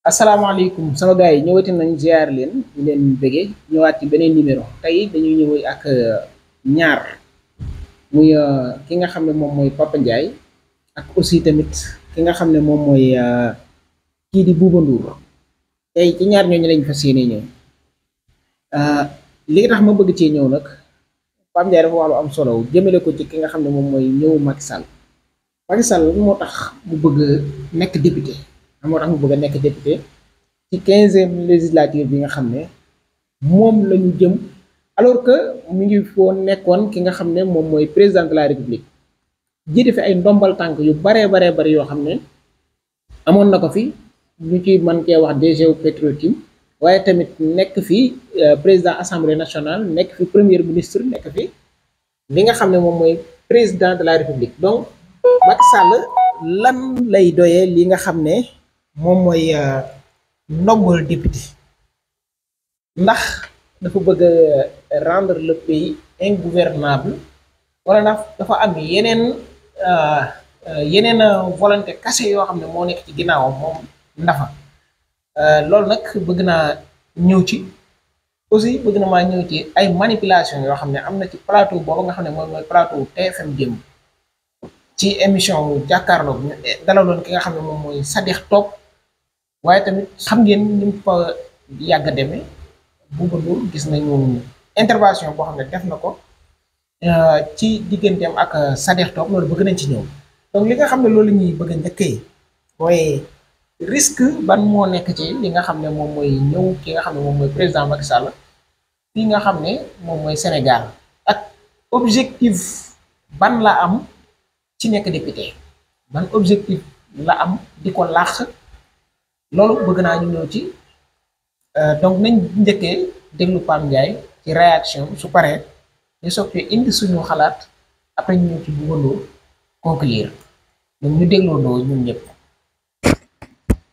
asalaamaaleykum sama gars yi ñëwati nañ ziar leen ñu leen bëggee ñëwaat ci beneen numéro tey dañuy ñëw ak euh, ñaar muy euh, ki nga xam ne moom mooy Papa Ndiaye ak aussi tamit ki nga xam ne moom mooy euh, kii di Bouba tey ci ñaar ñooñu lañ fas yéene ñëw li tax ma bëgg ci ñëw nag Papa Ndiaye dafa wax lu am solo jëmale ko ci ki nga xam ne moom mooy ñëwu Macky Sall Macky Sall moo tax mu bëgg nekk député. moo tax mu bëgg a nekk député ci quinzième législature bi nga xam ne moom la ñu jëm alors que mu ngi foo nekkoon ki nga xam ne moom mooy président de la république jiite fi ay ndombal tànk yu baree baree bari yoo xam ne amoon na ko fi ñu ci man cee wax DG Petrotim waaye tamit nekk fi euh, président assemblée nationale nekk fi premier ministre nekk fi li nga xam ne moom mooy président de la république donc Macky Sall lan lay doyee li nga xam ne moom mooy euh, ndombal député ndax dafa bëgg a euh, rendre le pays ingouvernable wala ndax dafa am yeneen euh, yeneen volonté kase yoo xam ne moo nekk ci ginnaawam moom ndafa loolu nag bëgg naa ñëw ci aussi bëgg na maa ñëw ci ay manipulation yoo xam ne am na ci plateau boobu nga xam ne mooy mooy plateau TFM démb ci émission jàkkaarloo eh, dalaloon ki nga xam ne moom mooy Sadikh Top waaye tamit xam ngeen ni mu fa yàgg a demee Bouba gis nañu intervention boo xam ne def na ko euh, ci digganteem ak euh, Sadekh Top loolu bëgg nañ ci ñëw donc li nga xam ne loolu ñuy bëgg a njëkkee waaye risque ban moo nekk ci li nga xam ne moom mooy ñëw ki nga xam ne moom mooy président Macky Sall fii nga xam ne moom mooy Sénégal ak objectif ban la am ci nekk député ban objectif la am di ko laax. loolu bëgg naa ñu ñëw ci euh, donc nañ njëkkee déglu Pape Ndiaye ci réaction su paree ñu soog indi suñu xalaat après ñu ñëw ci bëggandoo conclure ñoom ñu dégloondoo ñun ñëpp.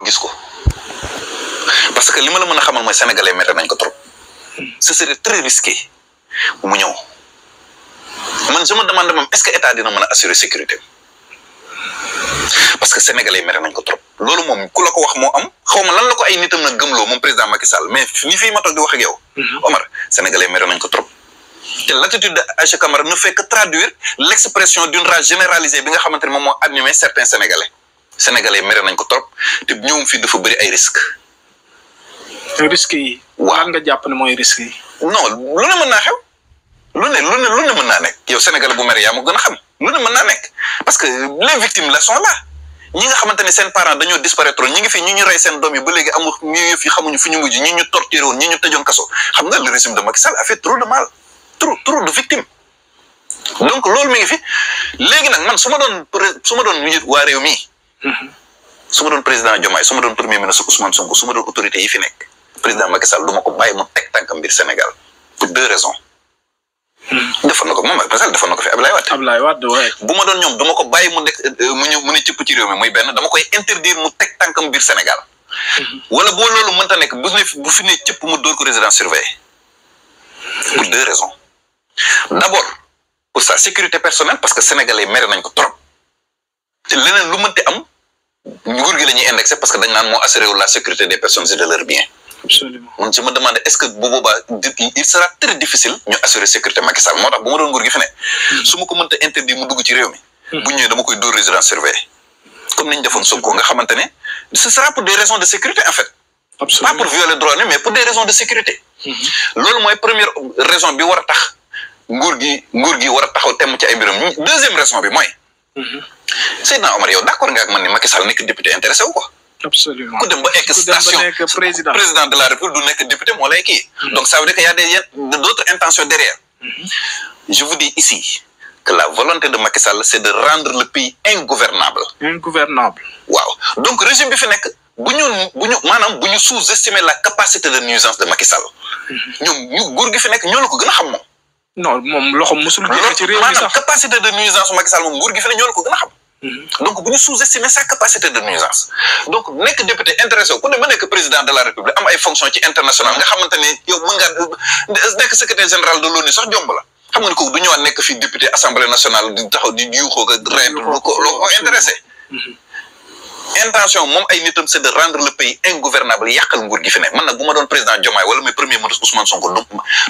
gis ko parce que li ma la mën a xamal mooy sénégalais mere nañ ko trop ce serait très risqué mu ñëw man je me demande même est-ce que état dina mën a assurer sécurité. parce que sénégalais mere nañ ko trop loolu moom ku la ko wax moo am xaw ma lan la ko ay nitam nag loo moom président Macky Sall mais ni fii ma toog di wax ak yow mhm. Omar sénégalais mere nañ ko trop te l'attitude de Aïcha Camara ne fait que traduire l'expression d'une rage généralisée bi nga xamante ne moom moo animé certains sénégalais sénégalais mere nañ ko trop te ñëwum fii dafa bëri ay risque risque yi waaw nga jàpp ne mooy risque yi non lu ne mën naa xew lu ne lu ne lu mën naa nekk yow sénégalais bu mere yaa ma gën a xam mën na mën naa nekk parce que les victimes là sont là ñi nga xamante ne seen parents dañoo disparaître ñi ngi fi ñi ñu rey seen doom yi ba léegi amul ñu fi xamuñu fu ñu ñu torturé woon ñi ñu tëjoon kaso xam nga le régime de Macky Sall a fait trop de mal trop trop de donc loolu mi ngi fi léegi nag man su ma doon su ma doon waa réew mi su ma doon président a su ma doon premier ministre Ousmane Sonko su ma doon autorité yi fi nekk président Macky Sall du ma ko bàyyi teg tànkam biir Sénégal pour deux raisons. defoon na ko moom ak Macky Sall defoon na ko fi Ablaye Wade. Ablaye Wade waaye. bu ma doon ñoom dama ko bàyyi mu nekk euh, mu ñëw mu ne cëpp ci réew mi muy benn dama koy interdire mu teg tànkam biir Sénégal. Mhm. wala boo loolu mënta nekk bu ne fi ne cëpp mu dóor ko résidence surveillée. pour deux raisons. d'abord pour sa sécurité personnelle parce que sénégalais mere nañ ko trop. te leneen lu mënti am nguur gi la ñuy parce que dañ naan moo assuré la sécurité des personnes et de leurs absolument donc je me demande est ce que booba boobaa il sera très difficile ñu assurer sécurité Macky Sall moo tax bu ma doon nguur gi fi ne. su ma ko mënta interdire mu dugg ci réew mi. Hmm. bu ñëwee dama koy dóor résidence surveillée comme ni ñu defoon Sonko nga xamante ne ce sera pour des raisons de sécurité en fait. absolument pas pour violer droit mais pour des raisons de sécurité. Hmm. loolu mooy première raison bi war a tax nguur gi nguur gi war a taxaw temm ci ay mbiram deuxième raison bi mooy. Hmm. Seydina Omar yow ko. absolument ku dem ba nekk station président président de la république du nekk député moo lay kii. Mm-hmm. donc ça veut que y a d'autres intentions derrière. Mm-hmm. je vous dis ici que la volonté de Macky Sall c'est de rendre le pays ingouvernable. ingouvernable. waaw donc régime bi fi nekk bu ñu bu ñu maanaam bu ñu sous-estimer la capacité de nuisance de Macky Sall. Mm-hmm. ñoom ñu góor gi fi nekk ñoo la ko gën a xam moom. non moom loxo musul. ci maanaam capacité de nuisance Macky Sall gi fi ne ñoo la ko gën xam. Mm-hmm. donc bu ñu sous-estimer sa capacité de nuisance donc nekk député intéressé ku ne nekk président de la république am ay ci international nga xamante ne yow mën nga nekk secrétaire général de l'ONU sax jomb la xam nga ne kooku du ñëwaat nekk fii député assemblée nationale di taxaw di yuuxoo ko reen lu ko intéressé intention moom ay nitam c'est de rendre le pays ingouvernable yàqal nguur gi fi ne man nag bu ma doon président Diomaye wala may premier ministre Ousmane Sonko du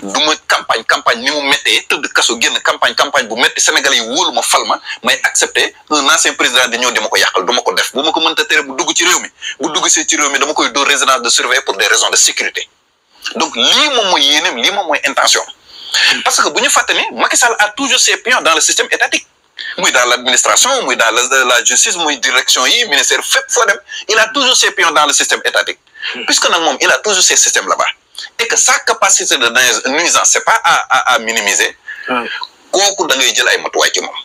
du ma campagne campagne ni mu méttee tëdd kaso génn campagne campagne bu métti Sénégalais yi wóolu ma fal ma may accepter un ancien président di ñëw di ma ko yàqal du ma ko def bu ma ko mënta tere bu dugg ci réew mi dama koy dóor résidence de surveillance pour des raisons de sécurité donc lii moo mooy yéeneem lii moom mooy intention parce a toujours ses muy dans l' administration muy dans la justice muy direction yi ministère fépp foo dem il a toujours ses pions dans le système étatique hmm. puisque nag moom il a toujours ses systèmes là-bas que sa capacité de nuisance c'est pas à à minimiser hmm. kooku da ngay jël ay matuwaay ci moom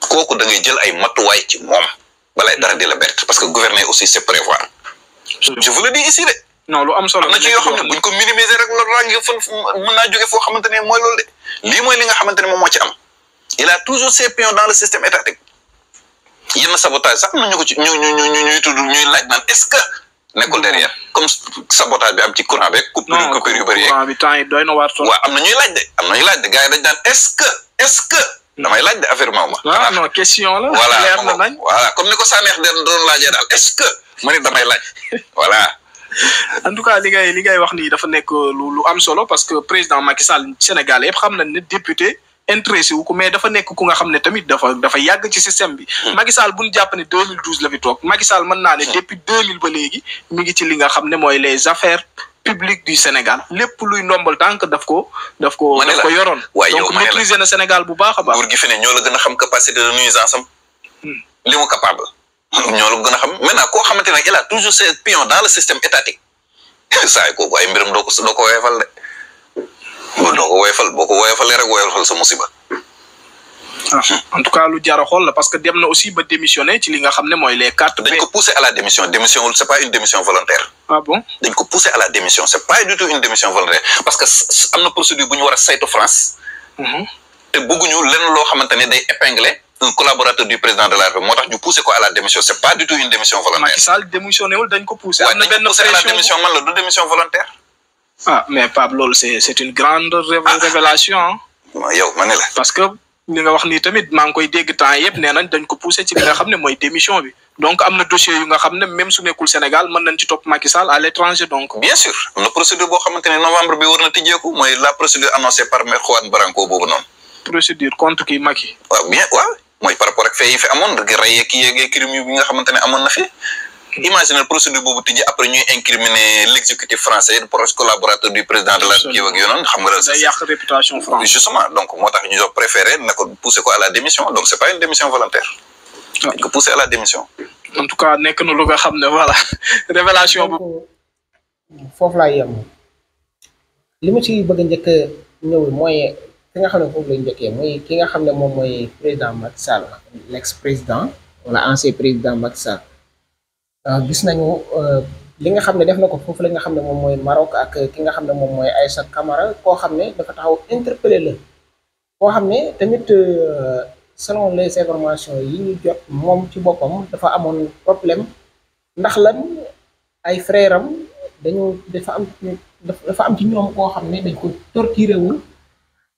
kooku da ngay jël ay matuwaay ci moom balay dara di la bett parce que gouverner aussi c'est prévoir hmm. je vous le de na ci xam ne buñ ko minimiser rek loolu raa ngi fan mën naa jóge xamante ne mooy loolu de lii mooy li nga xamante ne moom moo ci am il a toujours ses pions dans le système étatique yenn sabotage sax ñu ko ci ñu ñu ñu ñuy tudd ñuy laaj naan est-ce que nekkul derrière comme sabotage bi am ci courant beeg. non coupure yu bëri bi temps am na ñuy laaj de am na ñuy laaj de gars daal dañu naan est-ce que est-ce que. damay laaj de affaire ma. ah question la. leer na nañ comme ni ko Sanex den doon laajee daal est-ce que ma ne damay laaj voilà. en tout cas li ngay li ngay wax nii dafa nekk lu lu am solo parce que président Macky Sall Sénégal yëpp xam nañ ne député. intéressé wu ko mais dafa nekk ku nga xam ne tamit dafa dafa yàgg ci système bi. Hmm. Macky Sall bu ñu jàpp ne 2012 la fi toog Macky Sall mën naa ne hmm. depuis 2000 ba léegi mi ngi ci li xam ne mooy le affaires. public du Sénégal lépp luy ndombal tànk daf ko daf ko daf ko yoroon donc maîtriser na Sénégal bu baax a baax nguur gi fi a xam capacité de nuisance am hmm. li mu capable ñoo la gën a xam maintenant koo xamante nag il a toujours ses pions dans le système étatique saa yi kooku ay mbiram ko doo ko weefal de loolu doo ko woyofal boo ko woyofalee rek ah, a xool la parce que dem na aussi ba démissionné ci li xam ne mooy la démission démission wul ah dañ ko poussé à la démission c' est pas une démission volontaire parce que am na procédure bu ñu war a saytu France. Mhm. te bëgguñu lenn loo xamante day épinglé un collaborateur du président de la moo tax ñu poussé ko à la démission c' pas du tout une démission volontaire. Macky Sall démissionné wul dañ dañ ko poussé à la démission ah mais Pape lool c'est c'est une grande ah. révélation yow ma ne parce que li nga wax nii tamit maa ngi koy dégg temps yëpp nee nañ dañ ko poussé ci nga xam ne mooy démission bi donc am na dossier yu nga xam ne même su nekkul Sénégal mën nañ ci topp Macky Sall à l'étranger donc. bien sûr am na procédure boo xamante ne novembre bi war na tijjeeku mooy la procédure annoncée par maître Juan Branco boobu noonu. procédure contre kii Macky. waaw bien waaw mooy par rapport ak fee yi amoon nga xamante ne amoon na fi. imaginer procédure boobu tijji après ñuy incriminer l'exécutif français proche collaborateur du président de la République ak yoonoon xam nga day yàq réputation France justement donc moo tax ñu doon préféré na ko pousser ko à la démission donc c'est pas une démission volontaire dañ pousser à la démission en tout cas nekk na lu nga xam ne voilà révélation bu euh, foofu laa yem li ma ci bëgg a njëkk ñëw mooy ki nga xam ne foofu lañ njëkkee mooy ki nga xam ne moom mooy président Macky Sall l'ex-président président Macky Sall Euh, gis nañu euh, li nga xam ne def na ko foofu la nga xam ne moom mooy Maroc ak ki nga xam ne moom mooy ay Aïssa kamara koo xam ne dafa taxaw interpellé la koo xam ne tamit euh, selon les informations yi ñu jot moom ci boppam dafa amoon problème ndax lan ay frère am dañu dafa dafa am ci ñoom koo xam ne dañ ko torturé wul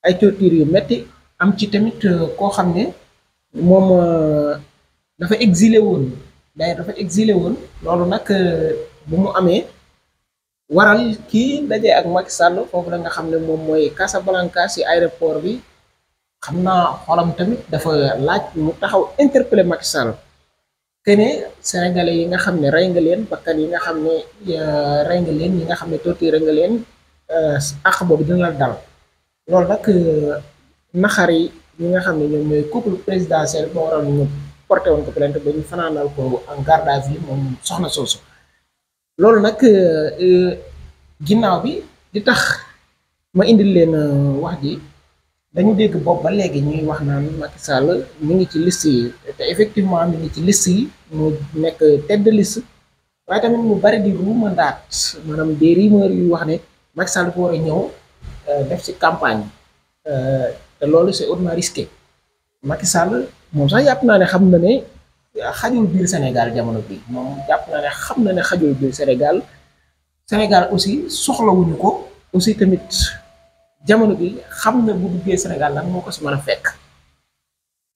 ay torture yu metti am ci tamit koo xam ne moom dafa exilé woon d'ailleurs dafa exilé woon loolu nag euh, bu mu amee waral kii ndaje ak Macky Sall foofu la nga xam ne moom mooy Casablanca si aéroport bi xam naa xolam tamit dafa laaj mu taxaw interpellé Macky Sall te ne yi nga xam ne rey nga leen bakkan yi nga xam ne euh, rey nga leen yi nga xam ne torturé nga leen euh, àq boobu dina la dal loolu nag naxar yi ñi nga xam ne ñoom mooy couple présidentiel moo waral ñëpp. porté woon ko plainte ba ñu fanaanal ko en garde à moom soxna soosu loolu nag euh, ginnaaw bi di tax ma indil leen euh, wax ji dañu dégg bopp ba léegi ñuy wax naan Macky Sall mi ngi ci liste yi te effectivement mi ngi ci liste yi mu nekk tête de liste waaye tamit mu bari di daat maanaam des rumeurs yu wax ne Macky Sall war a ñëw euh, def ci campagne te loolu c'est hautement risqué. Macky Sall moom sax yàpp naa ne xam na ne xajul biir Sénégal jamono bi moom jàpp naa ne xam na ne xajul biir Sénégal Sénégal aussi soxlawuñu ko aussi tamit jamono bi xam na bu duggee Sénégal lan moo ko si mën a fekk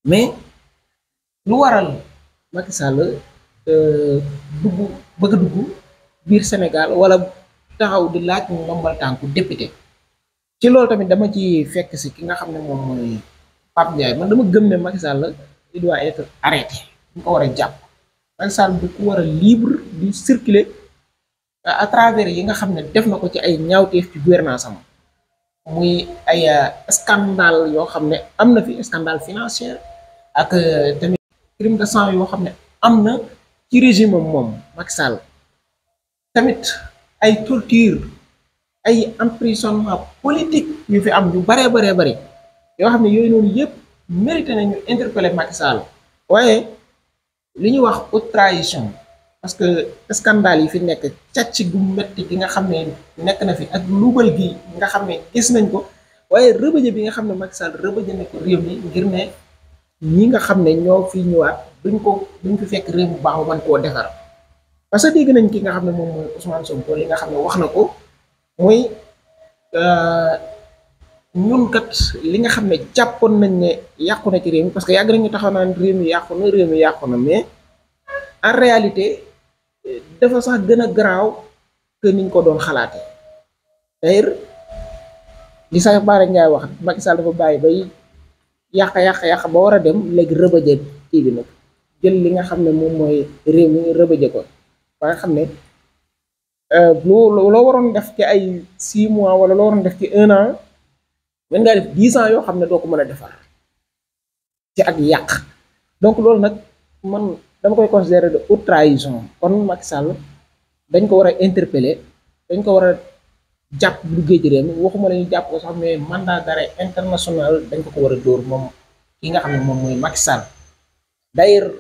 mais lu waral Macky Sall euh, dugg bëgg dugg biir Sénégal wala taxaw di laaj mu tànku député ci loolu tamit dama ci fekk si ki nga xam ne moom mooy Pape Ndiaye man dama gëm ne Macky Sall il doit être arrêté ñu war a jàpp Macky Sall du ko libre di circuler à travers yi nga xam ne def na ko ci ay ñaawteef ci gouvernance am muy ay euh, scandale yoo xam ne am na fi scandale financier ak euh, tamit crime de sang yoo xam ne am na ci régime am moom Macky tamit ay torture ay emprisonnement politique ñu fi am yu baree baree bare yoo xam ne yooyu noonu yëpp mérité nañu interpeller Macky Sall waaye li ñuy wax haute trahison parce que scandale yi fi nekk càcc gu metti gi nga xam ne nekk na fi ak luubal gi nga xam ne gis nañ ko waaye rëbëje bi nga xam ne Macky Sall rëbëje ko réew mi ngir ne ñi nga xam ne ñoo fi ñëwaat duñ ko duñ ko fekk réew bu baax mën koo defar parce que dégg nañ ki nga xam ne moom mooy Ousmane Sonko li nga xam ne wax na ko mooy. Euh, ñun kat li nga xam ne jàppoon nañ ne yàqu na ci réew mi parce que yàgg nañu taxaw naan réew mi yàqu na réew mi yàqu na mais en réalité dafa sax gën a garaaw que niñ ko doon xalaate d'ailleurs li sax Bara Ndiaye wax Macky Sall dafa bàyyi bay yàq yàq yàq ba war a dem léegi rëbëje kii bi nag jël li nga xam ne moom mooy réew mi rëbëje ko ba nga xam ne euh, loo loo waroon def ci ay six mois wala loo waroon def ci un mën ngaa def dix ans yoo xam ne doo ko mën a defar ci ak yàq donc loolu nag man dama koy considérer de haute trahison kon Macky Sall dañ ko war a interpeller dañ ko war a jàpp bu duggee ci réew mi waxuma la ñu jàpp ko sax mais mandat d'arrêt international dañ ko ko war a dóor moom ki nga xam ne moom mooy Macky Sall d'ailleurs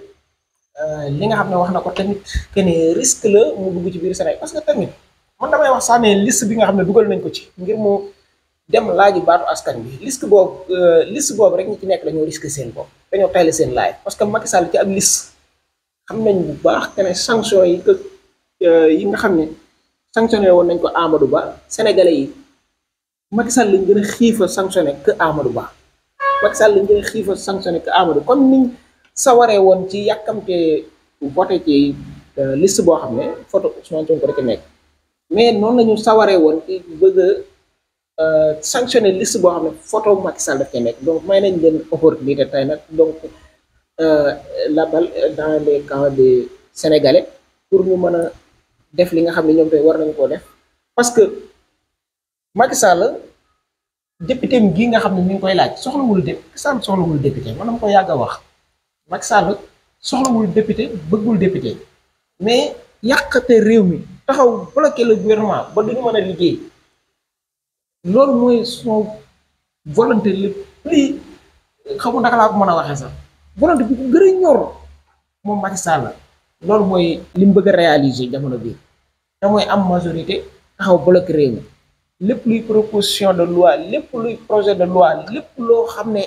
euh, li nga xam ne wax na ko tamit keneen ne risque la mu dugg ci biir Sénégal parce que tamit man damay wax sax ne liste bi nga xam ne dugal nañ ko ci ngir mu. dem laaji baatu askan bi liste boobu euh, liste boobu rek ñi ci nekk dañoo risque seen bopp dañoo tayle seen laay parce que Macky Sall ci ab liste xam nañ bu baax te ne sanction yi que euh, yi nga xam ne sanctionné woon nañ ko Amadou Ba sénégalais yi Macky Sall lañ gën a xiifa sanctionné que Amadou Ba Macky lañ gën a xiifa sanctionné que niñ sawaree woon ci yàkkamte voté ci euh, liste boo xam ne photo Ousmane Sonko rek nekk mais noonu lañu sawaree woon ci bëgg Euh, sanctionné liste boo xam ne photo Macky Sall daf koy nekk donc may nañ leen opportunité tey nag donc euh, la balle dans les camps des pour ñu mën a def li nga xam ne ñoom tey war nañ koo def parce que Macky Sall député gii nga xam ne ñu ngi koy laaj soxlawul dé Macky Sall soxlawul député man dama ko yàgg a wax Macky Sall soxlawul député bëggul député mais yàqate réew mi taxaw bloqué la gouvernement ba duñu mën a liggéey. loolu mooy son volonté le plus xamu naka laa ko mën a waxe sax volonté bi ko gën ñor moom Macky Sall loolu mooy li mu bëgg a réaliser jamono bii te mooy am majorité taxaw bloc réew mi lépp luy proposition de loi lépp luy projet de loi lépp loo xam ne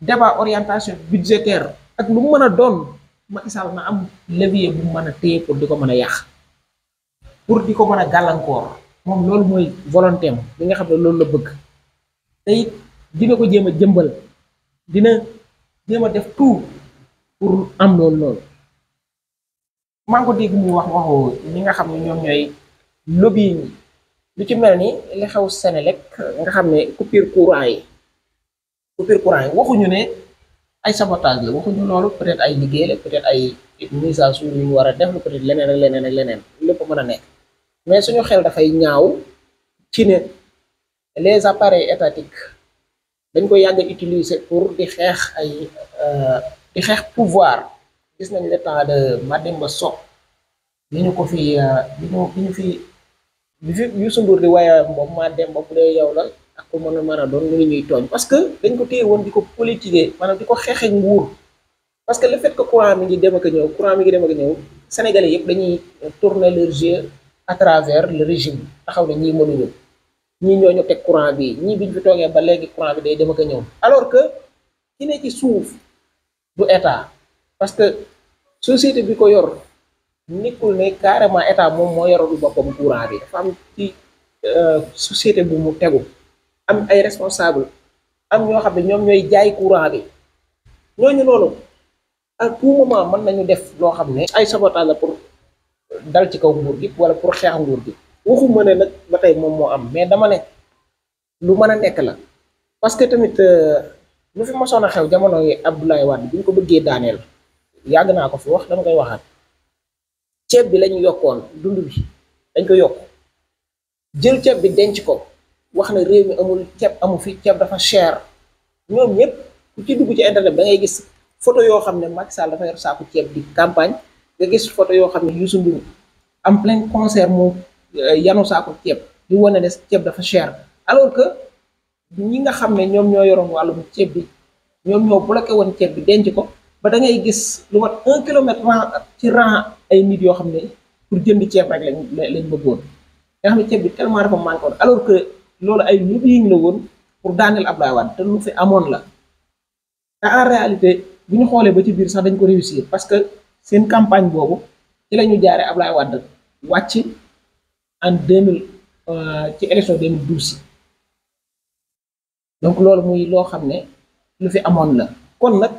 débat orientation budgétaire ak lu mu mën a doon Macky na am levier bu mu mën a téye pour di ko mën a yàq pour di ko mën a gàllankoor moom loolu mooy volonté am li nga xam ne loolu la bëgg te dina ko jéem a jëmbal dina jéem a def tout pour am loolu loolu maa ko dégg mu wax waxu ñi nga xam ne ñoom ñooy lobby yi lu ci mel ni li xew rek nga xam ne coupure courant yi coupure courant yi waxuñu ne ay sabotage la waxuñu loolu peut-être ay liggéey la peut ay mise à yu ñu war a def lu peut-être leneen ak leneen ak leneen ko mën a nekk mais suñu xel dafay ñaaw ci ne les appareils étatiques dañ ko yàgg utiliser pour di xeex ay euh, di xeex pouvoir gis nañ le temps de Mademba Sock li ñu ko fi li euh, ñu li ñu fi bi fi Youssou Ndour di waaye moom Mademba bu dee yow la ak ko mën a mën a doon ñu ñuy tooñ parce que dañ ko téye woon di ko politiser maanaam di ko xeexe nguur parce que le fait que courant mi ngi dem ak a ñëw courant mi ngi dem ak ñëw sénégalais yëpp dañuy tourner leur jeu à travers le régime taxaw ne ñii mënuñu ñii ñoo ñu teg courant bi ñii biñ fi toogee ba léegi courant bi day dem ak a ñëw alors que ki ne ci suuf du état parce que société bi ko yor nekkul ne carrément état moom moo yorul boppam courant bi dafa am ci euh, société bu mu tegu am ay responsable am ñoo xam ne ñoom ñooy jaay courant bi ñooñu loolu à tout moment mën nañu def loo xam ne ay sabotage la pour dal ci kaw nguur gi wala pour xeex nguur gi ma ne nag ba tey moom moo am mais dama ne lu mën a nekk la parce que tamit euh, lu fi mosoon a xew jamono yi Abdoulaye Wade bi ñu ko bëggee daaneel yàgg naa ko fi wax dama koy waxaat ceeb bi lañu yokkoon dund bi dañ ko yokk jël ceeb bi denc ko wax na réew mi amul ceeb amu fi ceeb dafa cher ñoom ñëpp ku ci dugg ci internet da ngay gis photo yoo xam ne Macky Sall dafa yor saaku ceeb di campagne nga gis photo yoo xam ne Youssou Ndour am plein concert mu euh, yanu saako ceeb di wane ne ceeb dafa cher alors que ñi nga xam ne ñoom ñoo yoroon wàllum ceeb bi ñoom ñoo bloqué woon ceeb bi denc ko ba da gis lu mat un kilomètre ci rang ay nit yoo xam ne pour jënd ceeb rek lañ lañ bëggoon nga xam ne bi tellement dafa manqué alors que loolu ay lobbying la woon pour daaneel Abdoulaye Wade te lu fi amoon la te en réalité bu ñu xoolee ba ci biir sax dañ ko réussir parce que. seen campagne boobu ci la jaare jaaree Ablaye Wade wàcc en deux mille euh, ci élection deux mille douze donc loolu muy loo xam ne lu fi amoon la kon nag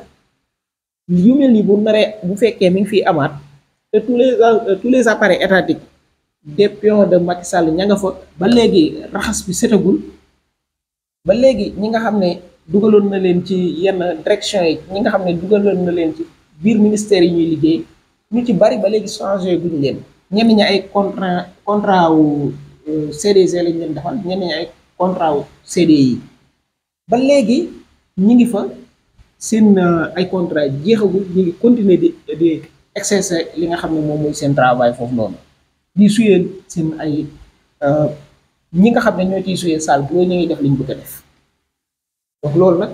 yu mel ni bu naree bu fekkee mi ngi fiy amaat te tous les euh, tous les appareils étatiques des pions de Macky Sall ña nga fa ba léegi raxas bi setagul ba léegi ñi nga xam ne dugaloon na leen ci yenn direction yi ñi nga xam ne dugaloon na leen ci. biir ministère yi ñuy liggéey ñu ci bari ba léegi changé guñ leen ñenn ñi ay contrat contrat wu euh, CDG lañ leen defal ñenn ñi ay contrat wu CDI ba léegi ñi ngi fa seen ay contrat jeexagul continuer di di exercer li nga xam ne moom mooy seen travail foofu noonu di suyeel seen ay euh, ñi nga xam ne ñoo ciy suyeel salle bu ñu ngi def liñ bëgg a def donc loolu nag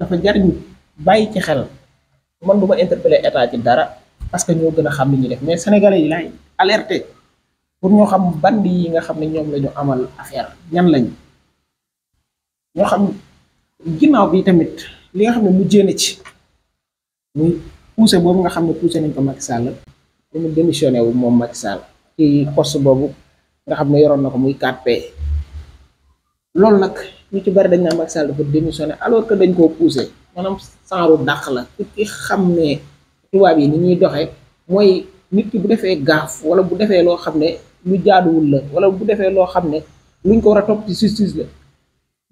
dafa jar bàyyi ci xel. man bu ma interpeller état ci dara parce que ñoo gën a xam li ñuy def mais sénégalais yi laay alerté pour ñoo xam bandi yi nga xam ne ñoom la ñu amal affaire ñan lañ ñoo xam ginnaaw bi tamit li nga xam ne mu na ci muy poussé boobu nga xam ne poussé nañ ko Macky Sall mu démissionné wu moom Macky Sall ci boobu nga xam ne yoroon na ko muy 4P. loolu nag ñu ci bari dañ naa Macky Sall dafa démissionné alors que dañ koo poussé maanaam saaru dàq la ku ci xam ne tubaab yi ni ñuy doxee mooy nit ki bu defee gaaf wala bu defee loo xam ne lu jaaduwul la wala bu defee loo xam ne luñ ko war a topp ci justice la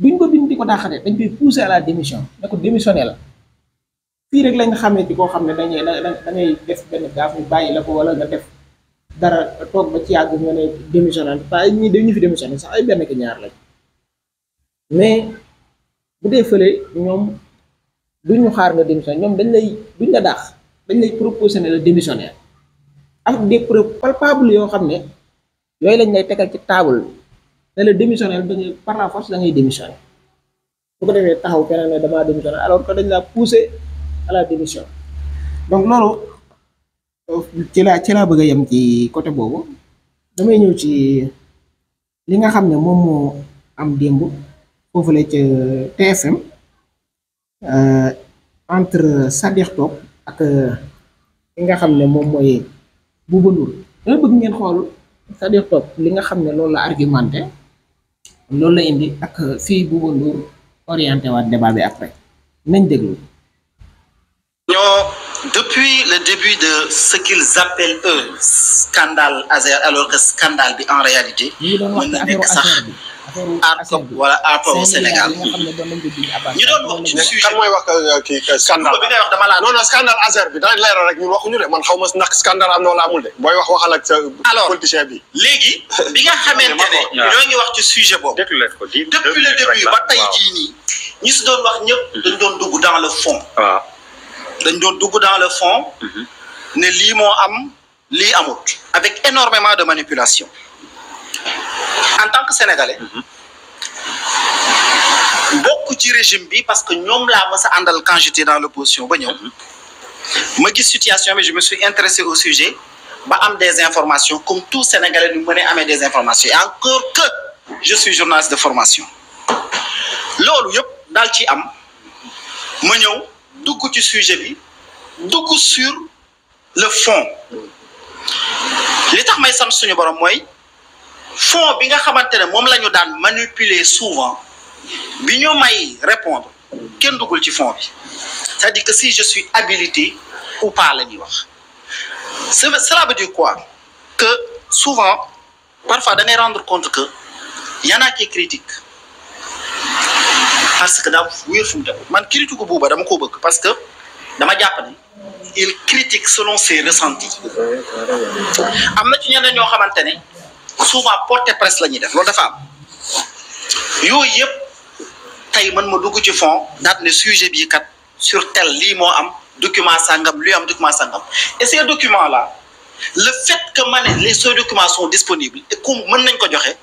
duñ ko bind di ko dàqate dañ koy poussé à la démission ne ko démissionné la fii rek lañ ne ci koo xam ne dañuy da ngay def benn gaaf ñu bàyyi la ko wala nga def dara toog ba ci yàgg nga ne démissionné waaye ñii dañu fi démissionné sax ay benn ki ñaar lañ. mais bu dee fële ñoom du ñu xaar nga démissionnaire ñoom dañ lay duñ la daax dañ lay proposé ne la démissionnaire ak des preuves yoo xam ne yooyu lañ lay tegal ci table ne la démissionnaire da par la force da ngay démissionné bu ko defee taxaw keneen ne damaa démissionné alors que dañ laa poussé à la démission donc loolu ci laa ci laa bëgg yem ci côté boobu damay ñëw ci li nga xam ne moom moo am démb. foofule ca TFM euh, entre Sadikh Top ak li euh, nga xam ne moom mooy Bouba Ndour dama bëgg ngeen xool Sadikh Top li nga xam ne loolu la argumenté loolu la indi ak euh, fii Bouba Ndour orienté waat débat bi après nañ déglu. ñoo depuis le début de ce qu'ils scandale Azer alors que scandale bi en réalité. mën na nekk sax. aar kopp wala aar kopp Sénégal. ñu doon wax ci sujet mooy wax euh, kii euh, scandale bi ngay wax dama laa. non scandale Azer bi daañu leeral rek ñun waxuñu le man xaw ma ndax scandale am na wala amul de booy wax waxal ak sa. politicien bi léegi. bi nga xamante ne ñoo ngi wax ci sujet boobu. depuis le début ba tey nii. ñi si doon wax ñëpp mhm. dañ doon dugg dans le fond. dañ doon dugg dans le fond. Mhm. ne lii moo am lii amut. avec énormément de manipulation. en tant que sénégalais. Mhm. bokk ci régime bi parce que ñoom laa mës a àndal quand j'étais dans l'opposition ba ñëw. Mhm. ma gis situation bi je me suis intéressé au sujet ba am des informations comme tout sénégalais ñu mën a amee des informations et encore que je suis journaliste de formation. loolu yëpp daal ci am ma ñëw dugg ci sujet bi dugg sur le fond li tax may sant suñu borom mooy. fond bi nga xamante ne moom la ñu daan manipuler souvent bi ñu may répondre kenn duggul ci fon bi cest dire que si je suis habilité ou pas la ñuy wax cela veut dire quoi que souvent parfois da rendre compte que y en a parce que daa wéer fu mu dem man critique Bouba dama ko bëgg parce que dama jàpp ni il critique selon ses ressentis am na ci ñenn ñoo xamante ne souvent porte presse la ñuy def loolu dafa yooyu yëpp tey man ma dugg ci fond daat ne sujet bii kat sur tel lii moo am document sangam luy am document sangam et ces documents la le fait que ma ne les ces documents sont disponibles et comme mën nañ ko joxe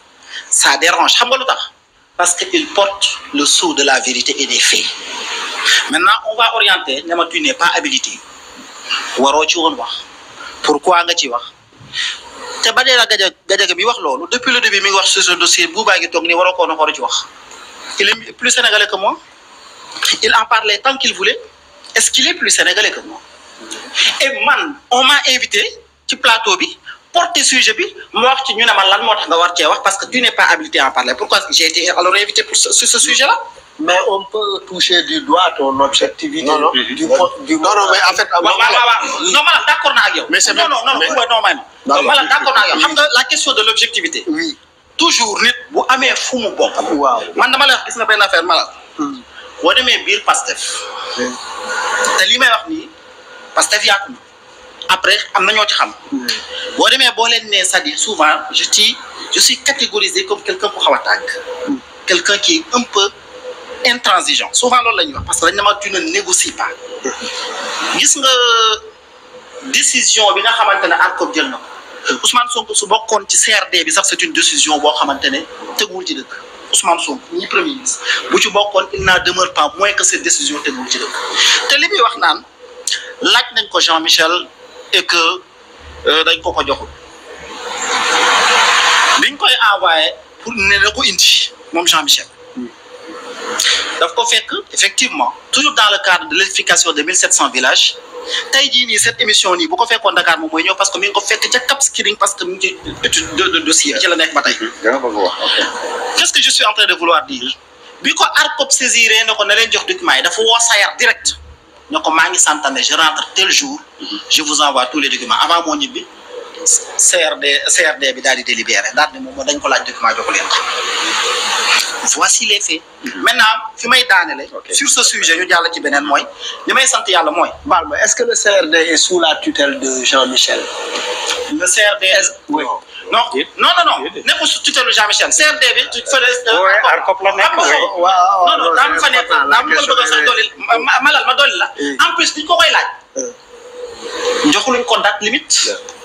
ça dérange xam nga lu tax parce que il porte le sceau de la vérité et des faits maintenant on va orienter ne ma pas habilité waroo ci woon wax pourquoi nga ci wax te Badara Gajaga Gajaga bi wax loolu depuis le début mi wax sur ce dossier Bouba ngi toog nii waroo koo na xool wax il est plus sénégalais que moi il en parlait tant qu'il voulait est-ce qu'il est plus sénégalais que moi et man on m'a invité ci plateau bi porter sujet bi mu wax ci ñu ne ma lan moo tax nga war wax parce que tu n'es pas habilité en parler pourquoi j'ai été alors invité pour ce, sujet là mais on peut toucher du doigt ton objectivité. non non du point du non non mais en fait. Euh, non maanaam d' accord mais c' est non non non maanaam d' accord naa xam nga la question de l' objectivité. toujours nit bu amee fu mu bokk. Ah, waaw man dama lay wax gis nga benn affaire malade. Hmm. boo demee biir Pastef. Hmm. te li may wax nii Pastef yaatu après am na ñoo ci xam. Hmm. boo demee boo leen nee cest souvent je suis je suis catégorisé comme quelqu'un ku xaw a tàgg. quelqu'un qui est peu. intransigeant souvent loolu la ñuy wax parce que dañ ne ma a ne négocies pas gis nga décision bi nga xamante ne ARCOP jël na usman Ousmane Sonko su bokkoon ci CRD bi sax c'est une décision boo xamante ne teguwul ci dëkk usman Sonko ñi premier ministre bu ci bokkoon il n'en demeure pas moins que cette décision teguwul ci dëkk te li muy wax naan laaj nañ ko Jean Michel et que euh, dañ ko ko joxul biñ koy envoyé pour ne na ko indi moom Jean Michel. daf ko fekk effectivement toujours dans le cadre de l'électrification de 1700 villages tey jii nii émission nii bu ko fekkoon Dakar moom mooy ñëw parce que mi ko fekk ca Cap Skirring parce que mu ngi ci dossier ci la nekk ba tey. Mhm. que je suis en de vouloir dire bi ko ARCOP saisir ne ko jox document dafa woo Sayar direct ñoo maa ngi santaane je rentre tel jour mhm. je vous envoie tous les documents avant moo ñibbi. CRD bi daal di délibéré daal ne moom dañ ko laaj document jox ko leen voici les faits. maintenant fi may daanele. sur ce sujet ñu jàll ci beneen mooy li may sant yàlla mooy. baal ma est-ce que le CRD est sous la tutelle de Jean-Michel. le CRD est. oui non non non nekkul sous tutelle Jean-Michel CRD bi. Ah, la nekk a ma malal ma dolli la. en plus duñ ko koy laaj. Euh. joxuluñ ko date limite.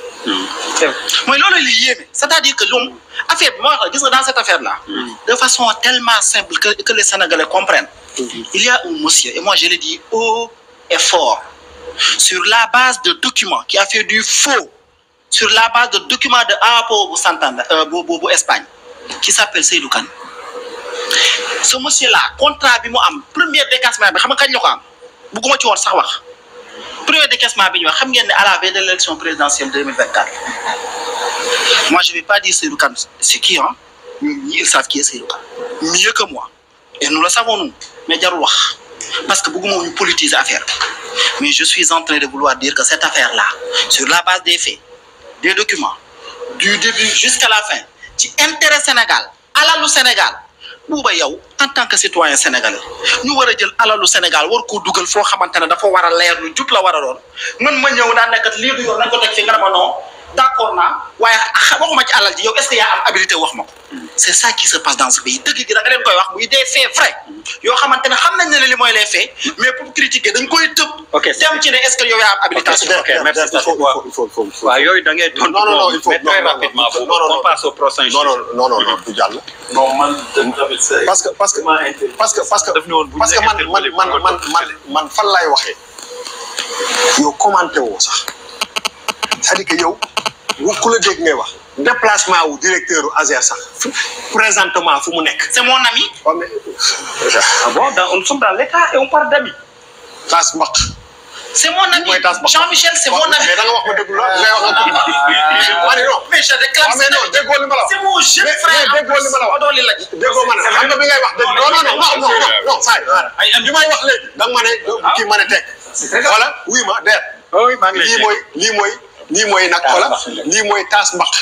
mooy loolu li yéeme c'est-à-dire que loom affaire bi moo wax gis nga dans cette affaire là. de façon tellement simple que que les Sénégalais comprennent. il y a un monsieur et moi je le dis haut et sur la base de documents qui a fait du faux sur la base de documents de APO bu Santander euh, bu bu bu Espagne qui s'appelle Seydou Kane ce monsieur là contrat bi mu am premier décaissement bi xam nga kañ la am bugguma ci woon sax wax. période de cassement bi ñu wax xam ngeen ne à la veille de l' élection présidentielle 2024 je vais pas dire Seydou Kane est qui ah ñi qui est mieux que moi et nous le savons nous mais jarul wax parce que bëgguma ñu politiser affaire mais je suis en train de vouloir dire que cette affaire là sur la base des faits des documents jusqu'à la fin ci intérêt Sénégal alalu Sénégal buuba yow en tant que citoyen sénégal ñu war a jël alalu Sénégal war koo dugal foo xamante ne dafa war a leer lu jub la war a doon man ma ñëw naa nekkat lii du yoon nañ ko teg fi nga ne ma non d'accord naa waaye waxuma ci alal ji yow est wax ma ko c'est ça qui se passe dans ce pays dëgg gi da nga koy wax muy des faits vrai yoo xamante ne xam nañ ne li mooy les mais pour critiquer dañ koy tëb dem ci ne est que yow yaa am habilitation ok yooyu da ngay tontu non non il faut mais très rapidement on passe au prochain non non non non non du jàll non man parce que parce que parce que parce que parce que man man man man waxee yow woo sax c'est-à-dire que yow ku la dégg ngay wax déplacement wu directeur ASER sax présentement fu mu nekk. c'est mon ami. waaw mais ah bon dans nous sommes dans l'état et on parle d'amis. tas mbaq. c'est mon ami Jean-Michel c'est mon ami. mais da nga wax ma déglu la ngay wax ma ne non. mais je réclame ah, mais non déggoo li ma la wax. c'est mon jeune frère mais déggoo li ma la wax. déggoo ma ne xam nga bi ngay wax dégg non non non non non saa yi li may wax léegi. da nga ma ne kii ma ne teg. voilà wuy ma der. Ah oui maa ngi lay lii mooy lii mooy. lii mooy nag xola lii mooy taas mbaq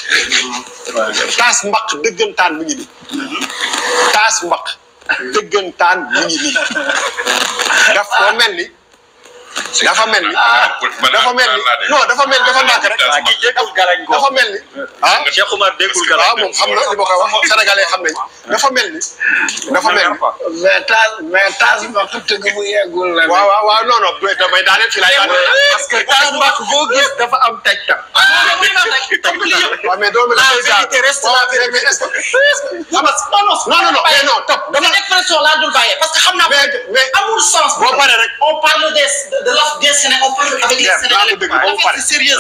taas mbaq dëggantaan mi ngi nii taas mbaq dëggantaan mi ngi nii daf koo mel ni Ah, dafa mel ni dafa mel ni non dafa mel dafa ndànk rek ah, dafa mel ni ah Cheikh Oumar déggul galañ waaw moom xam na li ma koy wax sénégalais xam nañ dafa mel ni dafa mel ni mais taas mais taas mbàkk tëgg bu yeggul la waaw waaw waaw non non damay daaneel fii laay daaneel parce que taas mbàkk boo gis dafa am taj ah, tam waaw mais doomi la non non non mais non top dafa expression laa dul bàyyee parce que xam naa mais amul sens boo paree rek on parle des de l'AFDC au problème avec les Sénégalais. c'est sérieux.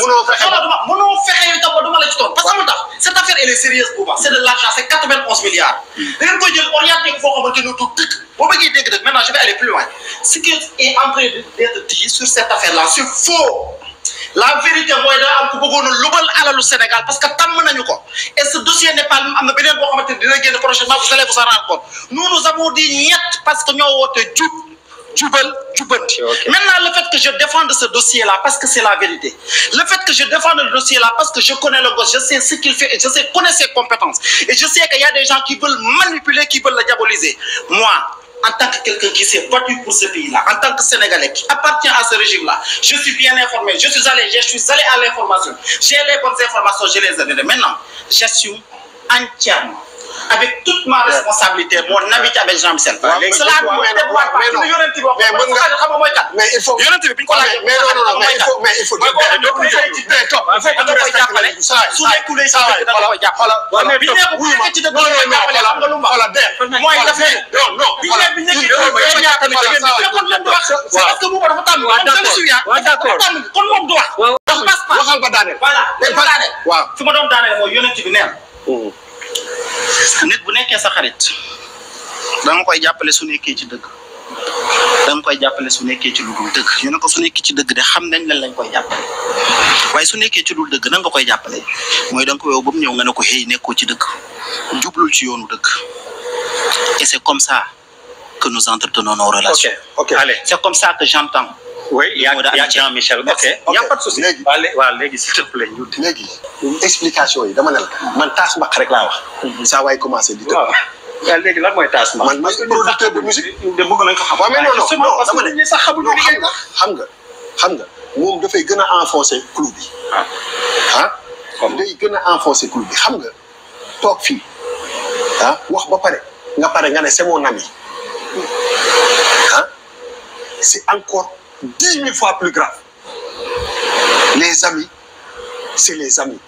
mënoo fexe yow itam ba du ma la ci toon parce que lu tax cette affaire elle est sérieuse pour moi. c'est de l'argent c'est quatre vingt onze milliards. Hmm. da ngeen koy jël orienté ko foo xamante ne du dëkk. boo bëggee dégg nag maintenant je vais aller plus loin. ce qui est en train d'être dit sur cette affaire là c'est faux. la vérité mooy daa am ku bëggoon a lubal alalu Sénégal parce que tàmm nañu ko et ce dossier Népal am na beneen boo xamante ne dina génn prochainement vous allez vous en rendre compte nous nous avons dit ñett parce que ñoo woote jub. jubal jubanti maintenant le fait que je défende ce dossier là parce que c'est la vérité le fait que je connais le gosse je sais ce qu'il fait et je sais connais ses compétences et je sais qu'il y a des gens qui veulent manipuler qui veulent le diaboliser moi en tant que quelqu'un qui s'est battu pour ce pays en tant que Sénégalais qui appartient à ce régime-là, je suis bien informé, je suis allé, à l'information, j'ai les bonnes informations, avec toute ma responsabilité mon ami ci avec Jean Michel. waaw léegi mais mais il faut yonent bi bi ñu ko laajee. mais non non mais il faut mais il faut. mais boo ci dee topp. bu fekkee da koy jàppale su nekkulee si dëkk da koy jàppale. mais bi ñu ne bu fekkee ci dëkk da koy jàppale am nga lu mu wax. mooy dafay non non. bi ñu ne bi ñu ne kon moom du wax. waxal ba daaneel. voilà daaneel waaw fi ma doon daaneel mooy yonent bi neen nit bu nekkee sa xarit da nga koy jàppale su nekkee ci dëgg da nga koy jàppale su nekkee ci lu dul dëgg ñu ne ko su nekkee ci dëgg de xam nañ lan lañ koy jàppale waaye su nekkee ci dul dëgg nan nga koy jàppale mooy da nga ko ñëw nga ne ko xëy nekkoo ci dëgg jublul ci yoonu dëgg et c'est comme ça que nu entretenons nos relations. c'est comme ça que j'entends oui yaa Jean a pas de souci. léegi waaw léegi s'il te plaît ñu. léegi explication yi dama ne la man taas mbaq rek laa wax. Mhm. saa waay commencé di. waaw waaw léegi lan mooy taas mbaq. man man producteur de musique. de bëgg nañ ko xam. waaw mais non non xam nga xam nga moom dafay gën a enfoncé clou bi. ah, ah. day gën a enfoncé clou bi xam nga toog fii ah wax ba pare nga pare nga ne c'est mon ami ah encore. dix mille fois plus grave les amis c'est les amis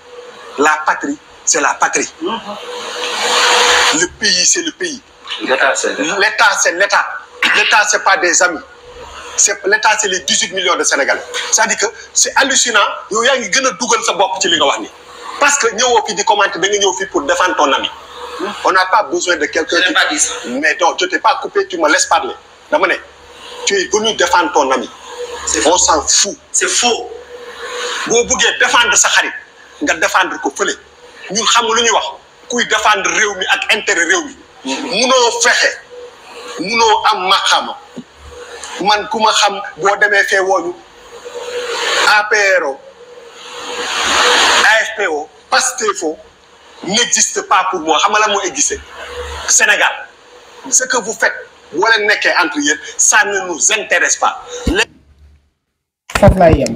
la patrie c'est la patrie le pays c'est le pays l'état c'est l'état l'état c'est pas des amis c'est l'état c'est les dix-huit millions de Sénégalais c'est-à-dire que c'est hallucinant yow yaa ngi gën a dugal sa bopp ci li nga wax ni parce que ñëwoo fi di commenter da nga ñëw fi pour défendre ton ami hmm? on n'a pas besoin de quelqu'un qui... mais donc je t'ai pas coupé tu me laisses parler dama ne tu es venu défendre ton on s'en fout. c'est foo boo buggee défendre sa xarit nga défendre ko fële ñun xam nga lu ñuy wax kuy défendre réew mi ak intérêt réew mi. munoo fexe munoo am maqaama man ku ma xam boo demee fee wooñu APRO AFPO PASTEFO n'existe pas pour moo xam nga lan moo existé Sénégal ce que vous faites boo leen nekkee entre yéen ça ne nous intéresse pas. foofu laay yem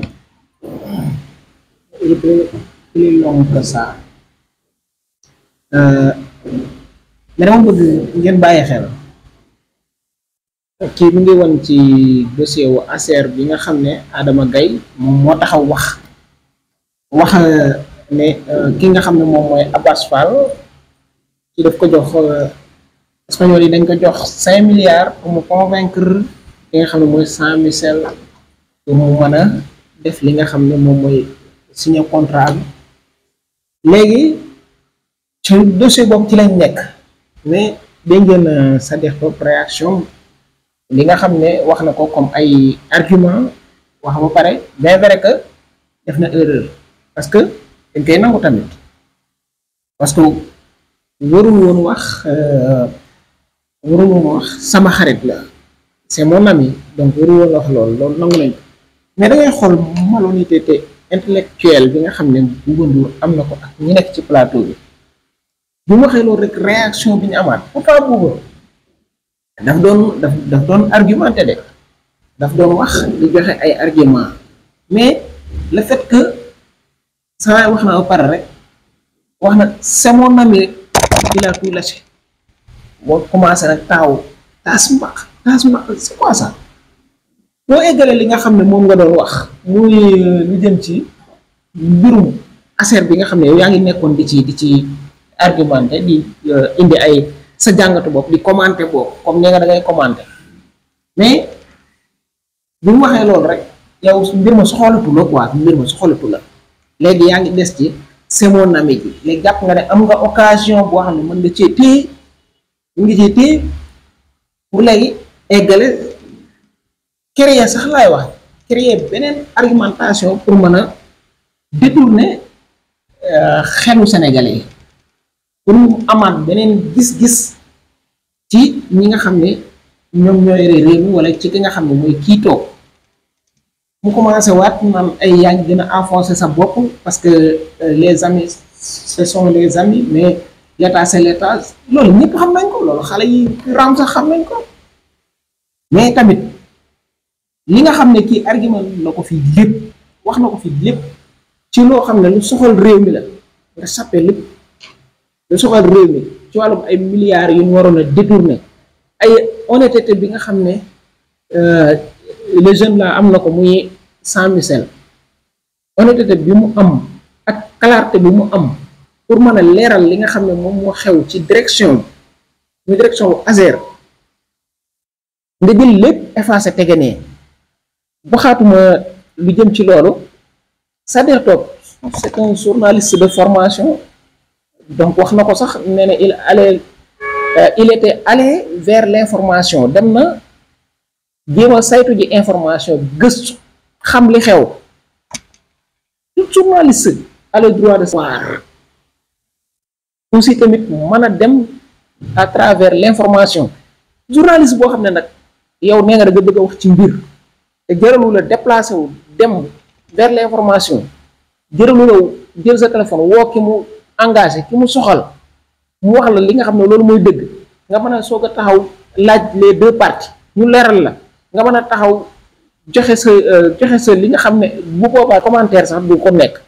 euh, it ngeen bàyyi xel kii mu ngi woon ci dossier wu ACR bi nga xam ne Adama Gaye moom moo taxaw wax wax euh, ne euh, ki nga xam ne moom mooy Abass Fall daf ko jox espagnol yi dañ ko jox cinq milliards pour mu convaincre ki nga xam ne mooy Jean Michel pour mu mën a def li nga xam ne moom mooy signé contrat léegi ci dossier book ci lañ nekk mais day ngeen euh, c'est-à-dire réaction li nga xam ne wax na ko comme ay argument wax ba pare bien vrai que def na erreur parce que dañ koy nangu tamit parce que warul woon wax euh, warul woon wax sama xarit la c'est mon ami donc warul woon wax lool loolu nangu nañ mais da ngay xool malhonnêteté te intellectuelle bi nga xam ne Bouba Ndour am na ko ak ñi nekk ci plateau bi bu ma xëy rek réaction bi ñu amaat pourtant Bouba daf doon daf doon argumenté de daf doon wax di joxe ay argument mais le fait que sa wax na ba pare rek wax na c'est mon ami rek il a tout lâché boo commencé nag taaw taas mbaq taas mbaq c'est quoi ça boo eggalee li nga xam ne moom nga doon wax muy euh, lu jëm ci mbirum ASER bi nga xam ne yow yaa ngi nekkoon di ci di ci argumenté di euh, indi ay sa jàngatu bopp di commenté boobu comme nee nga da ngay commenté mais bu mu waxee rek yow mbir ma soxalatu la quoi mbir ma soxalatu la léegi yaa ngi des ci c'est mon léegi jàpp nga ne am nga occasion boo xam ne mën nga cee téye mu ngi ci téye mu léegi eggale. créer sax laay wax créer beneen argumentation pour mën a détourner euh, xelu Sénégalais yi pour mu amaat beneen gis-gis ci ñi nga xam ne ñoom ñooy réew mi wala ci ki nga xam ne mooy kiitoo mu commencé waat man ay yaa ngi gën a sa bopp parce que euh, les amis ce sont les amis mais l'état c'est loolu ñëpp xam nañ ko loolu xale yi ram sax xam nañ ko mais tamit. li nga xam ne kii argument na ko fii lépp wax na ko fii lépp ci loo xam ne lu soxal réew mi la nga sàppe lépp lu soxal réew mi ci wàllum ay milliards yu waroon a détourné ay honnêteté bi nga xam ne euh, les jeunes la am na ko muy cent mille honnêteté bi mu am ak clarté bi mu am pour mën a leeral li nga xam ne moom moo xew ci direction bi direction wu ASER nga jël lépp effacé tege nee waxaatuma lu jëm ci loolu Sader Top c'est un journaliste de formation donc wax na ko sax nee na il allait euh, il vers l'information dem na jéem a saytu ji information gëstu xam li xew tout journaliste a le droit de savoir aussi tamit mën a dem à travers l'information journaliste boo xam ne nag yow nee nga da wax ci mbir te jëralu la déplacé wu dem vers l' information jëralu la jël sa téléphone woo ki mu engagé ki mu soxal mu wax la li nga xam ne loolu mooy dëgg nga mën a soog a taxaw laaj les deux parties ñu leeral la nga mën a taxaw joxe sa euh, joxe sa li nga xam ne bu boobaa commentaire sax du ko nekk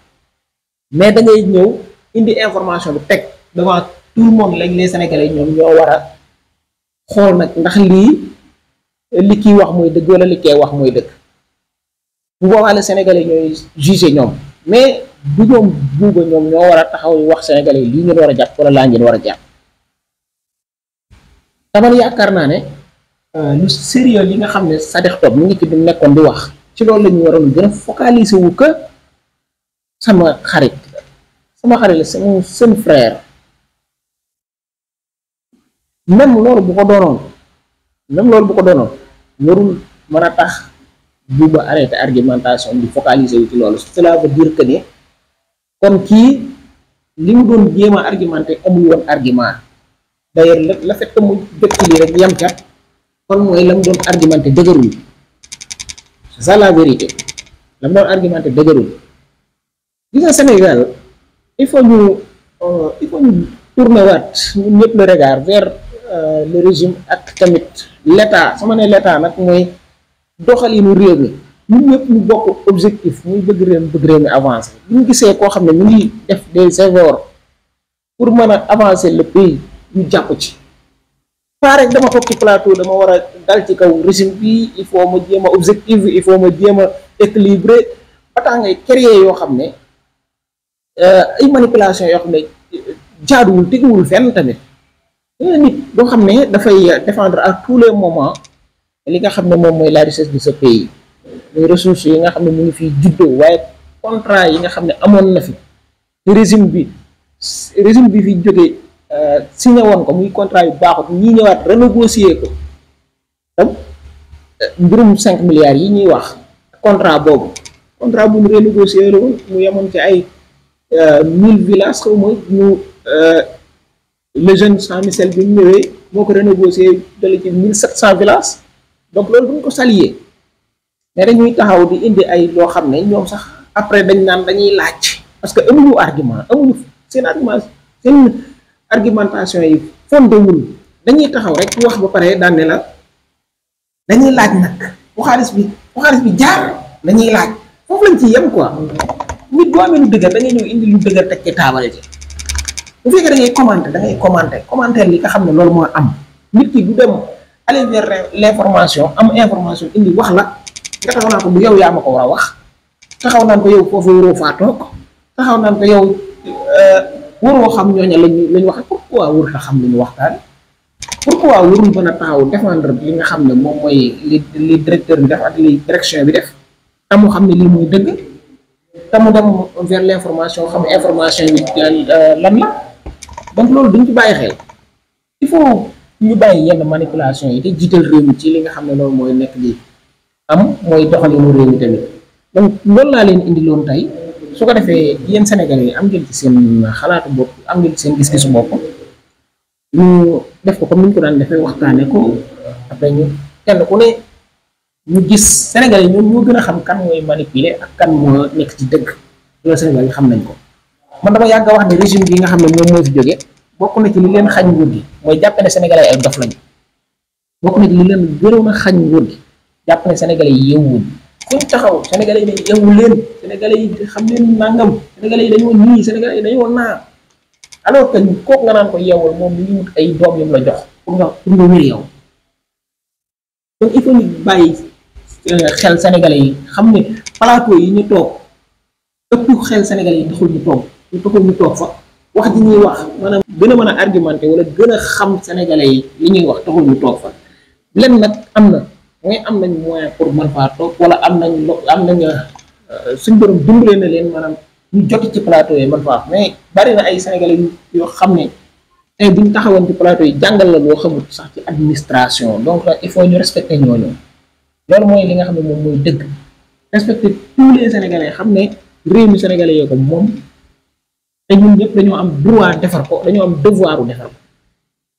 mais da ngay ñëw indi information bi teg devant tout le monde lañ les sénégalais ñoom ñoo war xool nag ndax lii. li wax mooy dëgg wala li wax mooy dëgg bu boobaa la ñooy jugé ñoom mais du ñoom buuba ñoom ñoo war a taxaw wax sénégalais lii ngeen war a jàpp wala laa ngeen war a jàpp taman yaakaar naa ne euh, lu sérieux nga xam ne Sadikh Top mu ngi ci di nekkoon di wax ci loolu la ñu waroon gën a focaliser wu que sama xarit sama xarit la sama seen frère même loolu bu ko doonoon même loolu bu ko doonoon warul mën a tax Buuba arrêté argumentation di focaliser wu ci loolu cela veut dire que kon kii li mu doon jéem a argumenté amul woon argument d'ailleurs la fait que mu dëkk lii rek yam ca kon mooy la doon argumenté dëgërul c'est nga Sénégal il faut ñu euh, il faut ñu tourner waat ñun ñëpp regard Euh, le régime ak tamit l'état sama ne l'état nag mooy doxalinu réew mi ñun ñëpp ñu bokk objectif muy bëgg réew mi bëgg avancer bu ñu gisee koo xam ne mu ngi def des efforts pour mën a avancer le pays ñu jàpp ci pas rek dama toog ci plateau dama war a dal ci kaw régime bi il faut ma jéem a objectif il faut ma jéem a équilibré ba ngay créer yoo xam ne euh, ay manipulation yoo xam ne jaaduwul teguwul fenn tamit nit boo xam ne dafay défendre ak tous les moments li nga xam ne moom mooy la richesse de ce pays muy ressources yi nga xam ne mu ngi fiy juddoo waaye contrat yi nga xam ne amoon na fi résime bi résime bi fi jógee euh, signé woon ko muy contra yu baaxut ñii ñëwaat renégocier ko tam euh, mbirum cinq milliards yi ñuy wax contrat boobu contra bu ñu renégocier la woon mu yemoon ci ay euh, mille villages xaw ma ñu le jeune Jean Michel bi mu ñëwee moo ko renégocié dale ci mille sept cent villages donc loolu duñ ko saluer mais dañuy taxaw di indi ay loo xam ne ñoom sax après dañ naan dañuy laaj parce que amuñu argument amuñu seen argument seen argumentation yi fondé wul dañuy taxaw rek wax ba pare daan ne la dañuy laaj nag bu xaalis bi bu xaalis bi jaar dañuy laaj foofu lañ ci yem quoi nit boo amee lu dëgër da ngay ñëw indi lu dëgër teg taabal ji bu fekkee da ngay commenter da ngay commenter xam ne loolu moo am nit ki du dem am information indi wax la taxaw naan ko bu yow yaa ma ko war a wax taxaw naan ko yow foofu waroo faa toog taxaw naan ko yow euh, waroo xam ñooña lañu lañu wax pourquoi warul a xam lu ñu waxtaan pourquoi warul mën a taxaw défendre li nga xam ne moom mooy li li directeur bi def ak li direction bi def te mu xam ne lii muy dëgg te mu dem vers l'information xam information euh, lan la donc loolu duñ ci bàyyi xel il faut ñu bàyyi yenn manipulation yi te jiital réew mi ci li nga xam ne loolu mooy nekk li am mooy doxalinu réew mi tamit donc loolu laa leen indi loon tey su ko defee yéen Sénégalais yi am ngeen ci seen xalaatu bopp am ngeen ci seen gis su bopp ñu def ko comme ni ko daan defee waxtaane ko après ñu kenn ku ne ñu gis Sénégalais ñoom moo gën a xam kan mooy manipuler ak kan moo nekk ci dëkk loolu Sénégal yi xam nañ ko. man dama yàgg wax ne régime bi nga xam ne moom moo fi jóge bokk na ci li leen xañ nguur gi mooy jàpp ne sénégalais ay dof lañu bokk na ci li leen gënoon a xañ nguur gi jàpp ne sénégalais yi yewwuñ kuñ taxaw sénégalais yi ne yi xam leen nangam sénégalais yi dañoo nii sénégalais yi naa ko yeewul moom ay doom yu la jox pour nga pour nga wér yow donc il faut ñu bàyyi euh, xel sénégalais yi xam ne plateau yi yi taxul ñu toog. il faut que ñu toog fa wax ji ñuy wax maanaam gën a mën a argumenté wala gën a xam sénégalais yi li ñuy wax taxul ñu toog fa lenn nag am na mooy am nañ moyen pour mën faa toog wala am nañ lo am nañ euh, suñ borom dimbalee na leen maanaam ñu jot ci plateau yi mën faa mais bari na ay sénégalais yoo xam ne tey bu ñu taxawoon ci plateau yi jàngal la loo xamul sax ci administration donc euh, il faut ñu respecter ñooñu loolu mooy li nga xam ne moom mooy dëgg respecter tous les sénégalais xam ne réew mi sénégalais yoo ko moom. te ñun ñëpp dañoo am droit defar ko dañoo am devoiru defar ko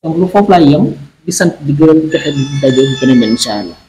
donc lu foofu laay yem di sant di gërëm joxe di daje bu beneen yoon incha allah